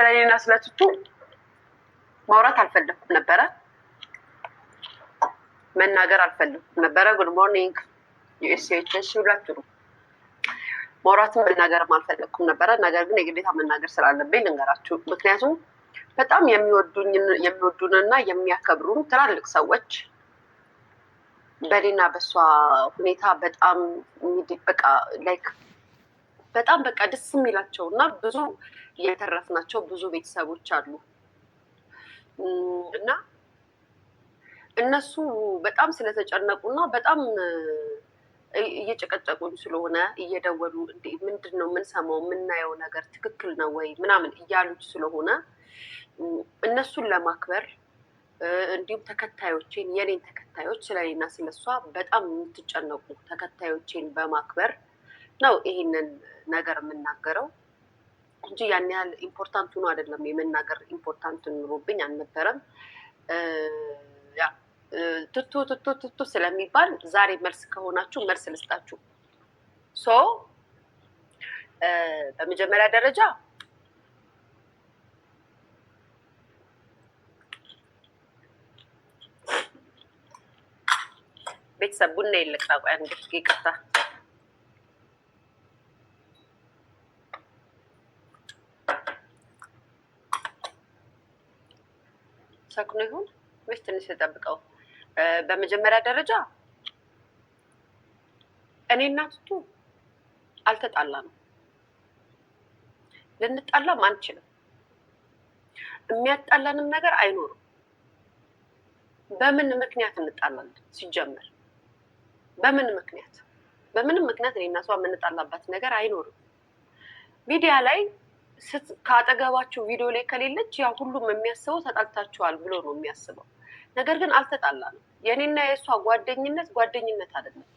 ስለ እኔና ስለ ቱቱ ማውራት አልፈለኩም ነበረ፣ መናገር አልፈለኩም ነበረ። ጉድ ሞርኒንግ ዩኤስኤችስ ሁላችሁ ማውራትም መናገርም አልፈለግኩም ነበረ። ነገር ግን የግዴታ መናገር ስላለብኝ ልንገራችሁ። ምክንያቱም በጣም የሚወዱንና የሚያከብሩን ትላልቅ ሰዎች በእኔና በእሷ ሁኔታ በጣም በቃ ላይክ በጣም በቃ ደስ የሚላቸው እና ብዙ የተረፍናቸው ብዙ ቤተሰቦች አሉ እና እነሱ በጣም ስለተጨነቁ እና በጣም እየጨቀጨቁን ስለሆነ እየደወሉ እንዴ ምንድን ነው የምንሰማው የምናየው ነገር ትክክል ነው ወይ ምናምን እያሉች ስለሆነ እነሱን ለማክበር እንዲሁም ተከታዮቼን የኔን ተከታዮች ስለኔና ስለሷ በጣም የምትጨነቁ ተከታዮቼን በማክበር ነው ይሄንን ነገር የምናገረው እንጂ ያን ያህል ኢምፖርታንት ሆኖ አይደለም የመናገር ኢምፖርታንት ኑሮብኝ አልነበረም። ትቱ ትቱ ትቱ ስለሚባል ዛሬ መልስ ከሆናችሁ መልስ ልስጣችሁ። ሶ በመጀመሪያ ደረጃ ቤተሰብ ቡና ይልቅ ታቋያ ይቅርታ ነው ይሁን ወይስ ትንሽ ተጠብቀው? በመጀመሪያ ደረጃ እኔ እና ትቱ አልተጣላንም፣ ልንጣላም አንችልም። የሚያጣላንም ነገር አይኖርም። በምን ምክንያት እንጣላለን? ሲጀመር በምን ምክንያት በምንም ምክንያት እኔ እና እሷ የምንጣላበት ነገር አይኖርም። ሚዲያ ላይ ከአጠገባቸው ቪዲዮ ላይ ከሌለች ያ ሁሉም የሚያስበው ተጣልታችኋል ብሎ ነው የሚያስበው። ነገር ግን አልተጣላንም። የእኔና የእሷ ጓደኝነት ጓደኝነት አይደለም።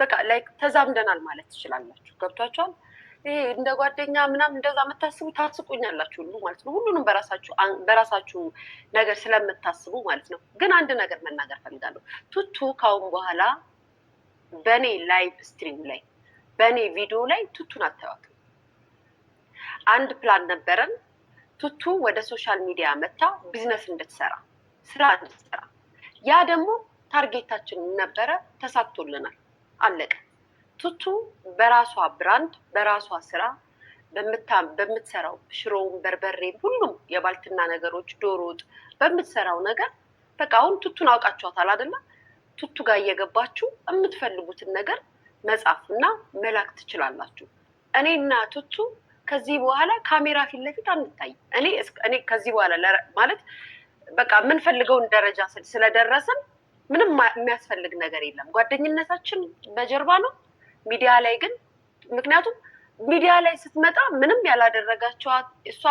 በቃ ላይክ ተዛምደናል ማለት ትችላላችሁ። ገብቷችኋል? ይሄ እንደ ጓደኛ ምናምን እንደዛ የምታስቡ ታስቁኛላችሁ ሁሉ ማለት ነው። ሁሉንም በራሳችሁ በራሳችሁ ነገር ስለምታስቡ ማለት ነው። ግን አንድ ነገር መናገር ፈልጋለሁ። ቱቱ ካሁን በኋላ በእኔ ላይቭ ስትሪም ላይ በእኔ ቪዲዮ ላይ ቱቱን አታዩትም። አንድ ፕላን ነበረን። ቱቱ ወደ ሶሻል ሚዲያ መታ ቢዝነስ እንድትሰራ ስራ እንድትሰራ፣ ያ ደግሞ ታርጌታችን ነበረ። ተሳክቶልናል። አለቀ። ቱቱ በራሷ ብራንድ በራሷ ስራ በምትሰራው ሽሮውን፣ በርበሬ ሁሉም የባልትና ነገሮች፣ ዶሮ ወጥ በምትሰራው ነገር በቃ አሁን ቱቱን አውቃችኋታል አይደለ? ቱቱ ጋር እየገባችሁ የምትፈልጉትን ነገር መጻፍ እና መላክ ትችላላችሁ። እኔና ቱቱ ከዚህ በኋላ ካሜራ ፊት ለፊት አንታይ። እኔ እኔ ከዚህ በኋላ ማለት በቃ የምንፈልገውን ደረጃ ስለደረስን ምንም የሚያስፈልግ ነገር የለም። ጓደኝነታችን በጀርባ ነው። ሚዲያ ላይ ግን ምክንያቱም ሚዲያ ላይ ስትመጣ ምንም ያላደረጋቸዋት እሷ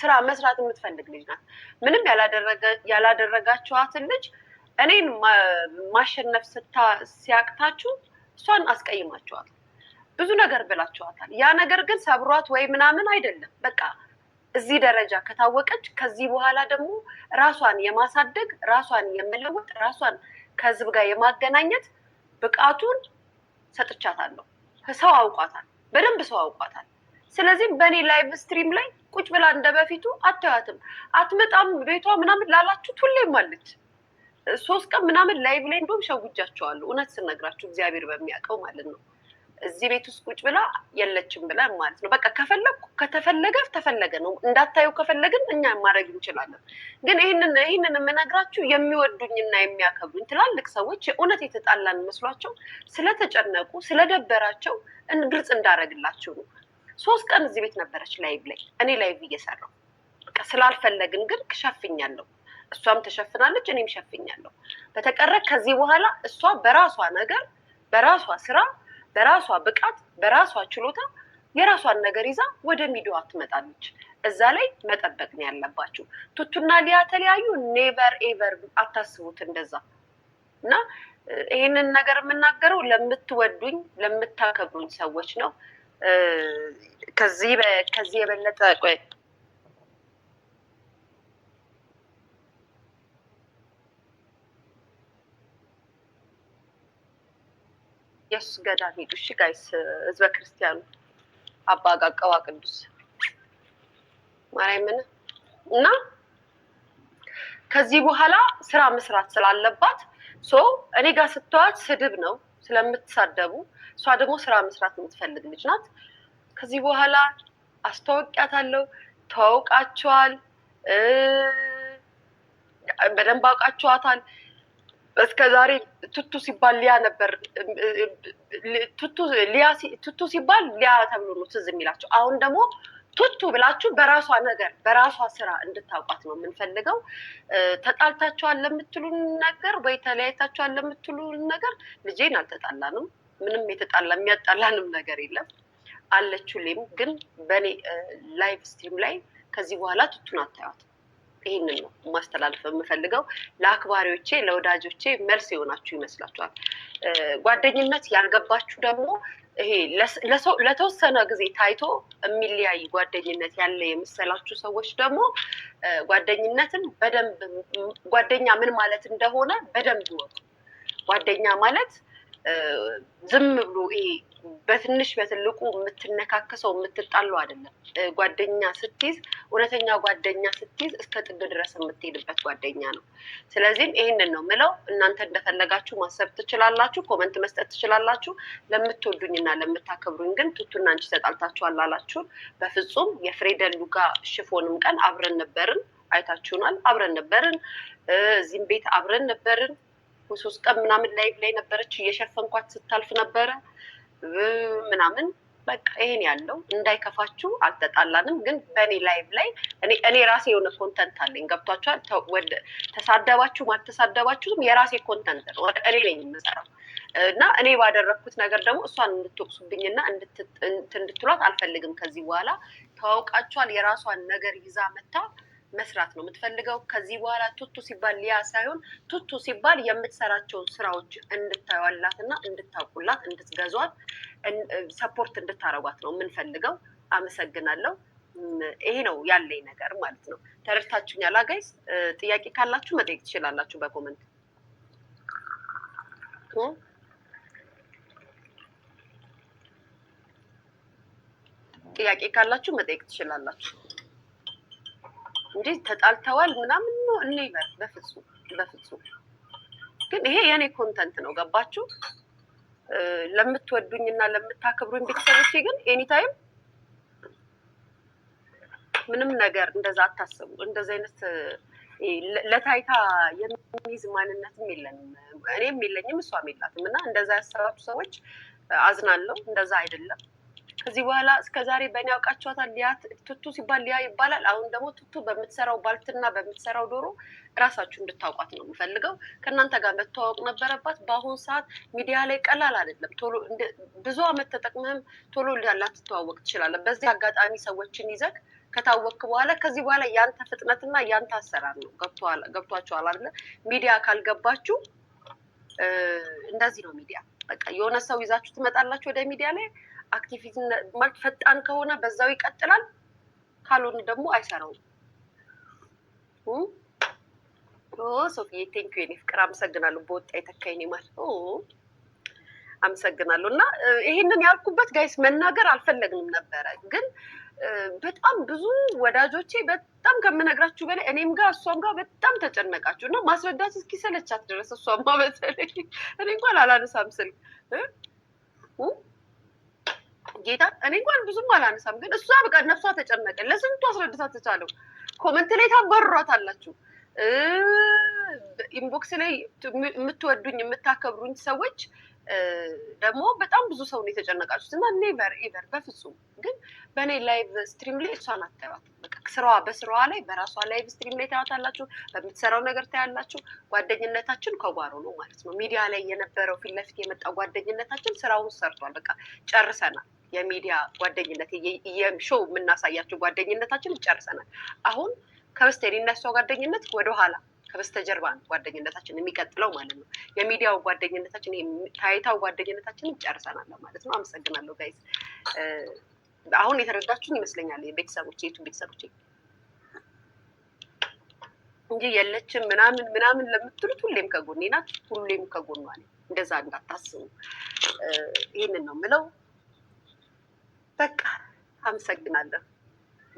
ስራ መስራት የምትፈልግ ልጅ ናት። ምንም ያላደረጋቸዋትን ልጅ እኔን ማሸነፍ ስታ ሲያቅታችሁ እሷን አስቀይማቸዋል። ብዙ ነገር ብላችኋታል። ያ ነገር ግን ሰብሯት ወይ ምናምን አይደለም። በቃ እዚህ ደረጃ ከታወቀች ከዚህ በኋላ ደግሞ ራሷን የማሳደግ ራሷን የመለወጥ ራሷን ከህዝብ ጋር የማገናኘት ብቃቱን ሰጥቻታለሁ። ሰው አውቋታል፣ በደንብ ሰው አውቋታል። ስለዚህ በእኔ ላይቭ ስትሪም ላይ ቁጭ ብላ እንደ በፊቱ አታያትም፣ አትመጣም ቤቷ ምናምን ላላችሁት ሁሌም አለች። ሶስት ቀን ምናምን ላይቭ ላይ እንደውም ሸጉጃቸዋለሁ እውነት ስነግራችሁ እግዚአብሔር በሚያውቀው ማለት ነው። እዚህ ቤት ውስጥ ቁጭ ብላ የለችም ብለ ማለት ነው። በቃ ከፈለግኩ ከተፈለገ ተፈለገ ነው። እንዳታዩ ከፈለግን እኛ ማድረግ እንችላለን። ግን ይህንን ይህንን የምነግራችሁ የሚወዱኝና የሚያከብሩኝ ትላልቅ ሰዎች እውነት የተጣላን መስሏቸው ስለተጨነቁ ስለደበራቸው ግልጽ እንዳደረግላችሁ ነው። ሶስት ቀን እዚህ ቤት ነበረች ላይቭ ላይ እኔ ላይቭ እየሰራሁ በቃ ስላልፈለግን ግን ክሸፍኛለሁ እሷም ተሸፍናለች፣ እኔም ሸፍኛለሁ። በተቀረ ከዚህ በኋላ እሷ በራሷ ነገር በራሷ ስራ በራሷ ብቃት በራሷ ችሎታ የራሷን ነገር ይዛ ወደ ሚዲዋ ትመጣለች። እዛ ላይ መጠበቅ ነው ያለባችሁ። ቱቱና ሊያ ተለያዩ? ኔቨር ኤቨር አታስቡት እንደዛ እና ይህንን ነገር የምናገረው ለምትወዱኝ ለምታከብሩኝ ሰዎች ነው። ከዚህ ከዚህ የበለጠ የሱስ ገዳም ሄዱ። እሺ ጋይስ፣ ህዝበ ክርስቲያኑ አባ ጋቀዋ ቅዱስ ማርያምን እና ከዚህ በኋላ ስራ መስራት ስላለባት ሶ እኔ ጋር ስትዋት ስድብ ነው ስለምትሳደቡ፣ እሷ ደግሞ ስራ መስራት የምትፈልግ ልጅ ናት። ከዚህ በኋላ አስተዋውቂያታለሁ። ተዋውቃችኋል፣ በደንብ አውቃችኋታል። እስከ ዛሬ ቱቱ ሲባል ሊያ ነበር። ቱቱ ሲባል ሊያ ተብሎ ነው ትዝ የሚላቸው። አሁን ደግሞ ቱቱ ብላችሁ በራሷ ነገር በራሷ ስራ እንድታውቋት ነው የምንፈልገው። ተጣልታችኋል ለምትሉን ነገር ወይ ተለያይታችኋል ለምትሉን ነገር ልጄን አልተጣላንም። ምንም የተጣላ የሚያጣላንም ነገር የለም አለችሌም ሌም ግን በእኔ ላይቭ ስትሪም ላይ ከዚህ በኋላ ቱቱን አታያት። ይህንን ነው ማስተላለፍ የምፈልገው። ለአክባሪዎቼ፣ ለወዳጆቼ መልስ የሆናችሁ ይመስላችኋል። ጓደኝነት ያልገባችሁ ደግሞ ይሄ ለተወሰነ ጊዜ ታይቶ የሚለያይ ጓደኝነት ያለ የምሰላችሁ ሰዎች ደግሞ ጓደኝነትን በደንብ ጓደኛ ምን ማለት እንደሆነ በደንብ ይወቁ። ጓደኛ ማለት ዝም ብሎ ይሄ በትንሽ በትልቁ የምትነካከሰው የምትጣሉ አይደለም። ጓደኛ ስትይዝ እውነተኛ ጓደኛ ስትይዝ እስከ ጥግ ድረስ የምትሄድበት ጓደኛ ነው። ስለዚህም ይህንን ነው ምለው። እናንተ እንደፈለጋችሁ ማሰብ ትችላላችሁ፣ ኮመንት መስጠት ትችላላችሁ። ለምትወዱኝና ለምታከብሩኝ ግን ቱቱና አንቺ ተጣልታችኋል አላችሁን? በፍጹም የፍሬደን ሉጋ ሽፎንም ቀን አብረን ነበርን፣ አይታችሁናል። አብረን ነበርን፣ እዚህም ቤት አብረን ነበርን። ሶስት ቀን ምናምን ላይቭ ላይ ነበረች እየሸፈንኳት ስታልፍ ነበረ ምናምን በቃ ይሄን ያለው እንዳይከፋችሁ፣ አልተጣላንም። ግን በእኔ ላይቭ ላይ እኔ ራሴ የሆነ ኮንተንት አለኝ። ገብቷችኋል? ተሳደባችሁ አልተሳደባችሁም የራሴ ኮንተንት ነው። እኔ ነኝ የምሰራው እና እኔ ባደረግኩት ነገር ደግሞ እሷን እንድትወቅሱብኝና እንድትሏት አልፈልግም። ከዚህ በኋላ ተዋውቃችኋል። የራሷን ነገር ይዛ መታ መስራት ነው የምትፈልገው። ከዚህ በኋላ ቱቱ ሲባል ሊያ ሳይሆን ቱቱ ሲባል የምትሰራቸው ስራዎች እንድታዩላት እና እንድታውቁላት፣ እንድትገዟት፣ ሰፖርት እንድታረጓት ነው የምንፈልገው። አመሰግናለሁ። ይሄ ነው ያለኝ ነገር ማለት ነው። ተረድታችሁኛል ጋይስ? ጥያቄ ካላችሁ መጠየቅ ትችላላችሁ በኮመንት ጥያቄ ካላችሁ መጠየቅ ትችላላችሁ። እንዴት ተጣልተዋል ምናምን ነው እኔ ይበል። በፍጹም በፍጹም። ግን ይሄ የእኔ ኮንተንት ነው። ገባችሁ? ለምትወዱኝ እና ለምታከብሩኝ ቤተሰቦች ግን ኤኒታይም ምንም ነገር እንደዛ አታስቡ። እንደዚህ አይነት ለታይታ የሚይዝ ማንነትም የለንም፣ እኔም የለኝም፣ እሷም የላትም እና እንደዛ ያሰባችሁ ሰዎች አዝናለሁ። እንደዛ አይደለም። ከዚህ በኋላ እስከ ዛሬ በእኔ ያውቃቸዋታል ሊያ ቱቱ ሲባል ሊያ ይባላል። አሁን ደግሞ ቱቱ በምትሰራው ባልትና በምትሰራው ዶሮ እራሳችሁ እንድታውቋት ነው የምፈልገው። ከእናንተ ጋር መተዋወቅ ነበረባት። በአሁኑ ሰዓት ሚዲያ ላይ ቀላል አይደለም። ቶሎ ብዙ አመት ተጠቅመህም ቶሎ ላትተዋወቅ ትችላለህ። በዚህ አጋጣሚ ሰዎችን ይዘግ ከታወቅክ በኋላ ከዚህ በኋላ ያንተ ፍጥነትና ያንተ አሰራር ነው። ገብቷችኋል አይደለ? ሚዲያ ካልገባችሁ እንደዚህ ነው ሚዲያ በቃ የሆነ ሰው ይዛችሁ ትመጣላችሁ ወደ ሚዲያ ላይ አክቲቪቲ ማለት ፈጣን ከሆነ በዛው ይቀጥላል፣ ካልሆነ ደግሞ አይሰራውም። ሶፊዬ ቴንኪ የኔ ፍቅር አመሰግናለሁ። በወጣ የተካይኔ ማለት አመሰግናለሁ። እና ይሄንን ያልኩበት ጋይስ መናገር አልፈለግንም ነበረ ግን በጣም ብዙ ወዳጆቼ በጣም ከምነግራችሁ በላይ እኔም ጋር እሷም ጋር በጣም ተጨነቃችሁ እና ማስረዳት እስኪሰለቻት ድረስ እሷማ በተለይ እኔ እንኳን አላነሳም ስልክ ጌታ እኔ እንኳን ብዙም አላነሳም፣ ግን እሷ በቃ ነፍሷ ተጨነቀ። ለስንቱ አስረድታ ተቻለው። ኮመንት ላይ ታባርሯት አላችሁ። ኢንቦክስ ላይ የምትወዱኝ የምታከብሩኝ ሰዎች ደግሞ በጣም ብዙ ሰው ነው የተጨነቃችሁት እና ኔቨር ኤቨር በፍጹም ግን በእኔ ላይቭ ስትሪም ላይ እሷን አታዩዋት። ስራዋ በስራዋ ላይ በራሷ ላይቭ ስትሪም ላይ ታያታላችሁ፣ በምትሰራው ነገር ታያላችሁ። ጓደኝነታችን ከጓሮ ነው ማለት ነው። ሚዲያ ላይ የነበረው ፊት ለፊት የመጣው ጓደኝነታችን ስራውን ሰርቷል። በቃ ጨርሰናል። የሚዲያ ጓደኝነት የሾው የምናሳያቸው ጓደኝነታችን ጨርሰናል። አሁን ከበስተሄድ እና ጓደኝነት ወደኋላ ከበስተጀርባ ነው ጓደኝነታችን የሚቀጥለው ማለት ነው። የሚዲያው ጓደኝነታችን ታይታው ጓደኝነታችንን ጨርሰናል ማለት ነው። አመሰግናለሁ ጋይዝ። አሁን የተረዳችሁን ይመስለኛል የቤተሰቦች የቱ ቤተሰቦች እንጂ የለችም ምናምን ምናምን ለምትሉት ሁሌም ከጎኔ ናት፣ ሁሌም ከጎኗ ነኝ። እንደዛ እንዳታስቡ። ይህንን ነው ምለው። በቃ አመሰግናለሁ።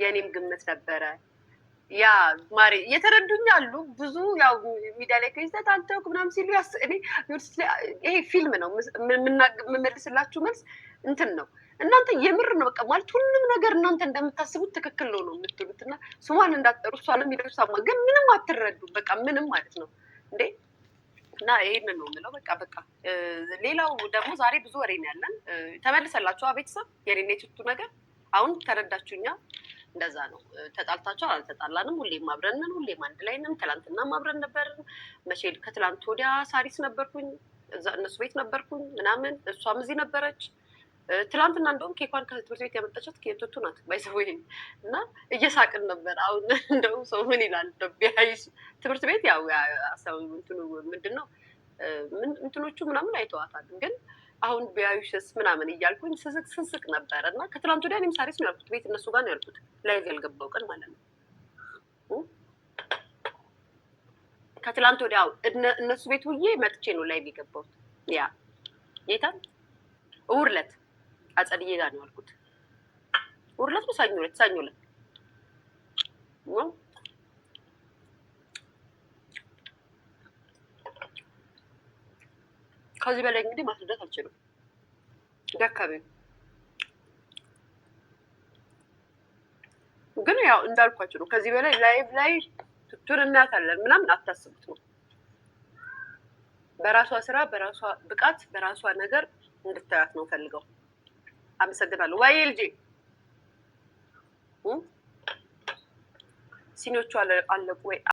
የእኔም ግምት ነበረ። ያ ማሬ እየተረዱኝ አሉ። ብዙ ያው ሚዲያ ላይ ከይዘት አልተውክ ምናምን ሲሉ ይሄ ፊልም ነው የምመልስላችሁ መልስ እንትን ነው። እናንተ የምር ነው በቃ ማለት ሁሉም ነገር እናንተ እንደምታስቡት ትክክል ነው ነው የምትሉት እና ስሟን እንዳትጠሩ እሷ ለሚደርሳማ ግን ምንም አትረዱ በቃ ምንም ማለት ነው እንዴ እና ይህን ነው የምለው። በቃ በቃ ሌላው ደግሞ ዛሬ ብዙ ወሬ ነው ያለን። ተመልሰላችሁ ቤተሰብ የኔ ነገር አሁን ተረዳችሁኛ። እንደዛ ነው። ተጣልታቸው አልተጣላንም። ሁሌም አብረን ነን። ሁሌም አንድ ላይ ነን። ትላንትና አብረን ነበርን። መቼ ከትላንት ወዲያ ሳሪስ ነበርኩኝ፣ እዛ እነሱ ቤት ነበርኩኝ ምናምን፣ እሷም እዚህ ነበረች። ትላንትና እንደውም ኬኳን ከትምህርት ቤት ያመጣቻት ኬቶቱ ናት ባይዘው እና እየሳቅን ነበር። አሁን እንደውም ሰው ምን ይላል ቢያይሽ ትምህርት ቤት ያው ምንድን ነው እንትኖቹ ምናምን አይተዋታል ግን አሁን ቢያዩሽስ ምናምን እያልኩኝ ስስቅ ስስቅ ነበረ እና ከትላንት ወዲያ እኔም ሳሪስ ነው ያልኩት። ቤት እነሱ ጋር ነው ያልኩት። ላይቭ ያልገባው ቀን ማለት ነው። ከትላንት ወዲያ እነሱ ቤት ውዬ መጥቼ ነው ላይቭ የገባሁት። ያ ጌታ እሑድ ዕለት አጸድዬ ጋር ነው ያልኩት። እሑድ ዕለት ነው ሳኞ ዕለት ዕለት ከዚህ በላይ እንግዲህ ማስረዳት አልችልም። ደከሜ ግን ያው እንዳልኳቸው ነው። ከዚህ በላይ ላይቭ ላይ ቱቱን እናያታለን ምናምን አታስቡት ነው። በራሷ ስራ፣ በራሷ ብቃት፣ በራሷ ነገር እንድታያት ነው ፈልገው። አመሰግናለሁ። ዋይ ልጄ ሲኒዎቹ አለቁ ወይ?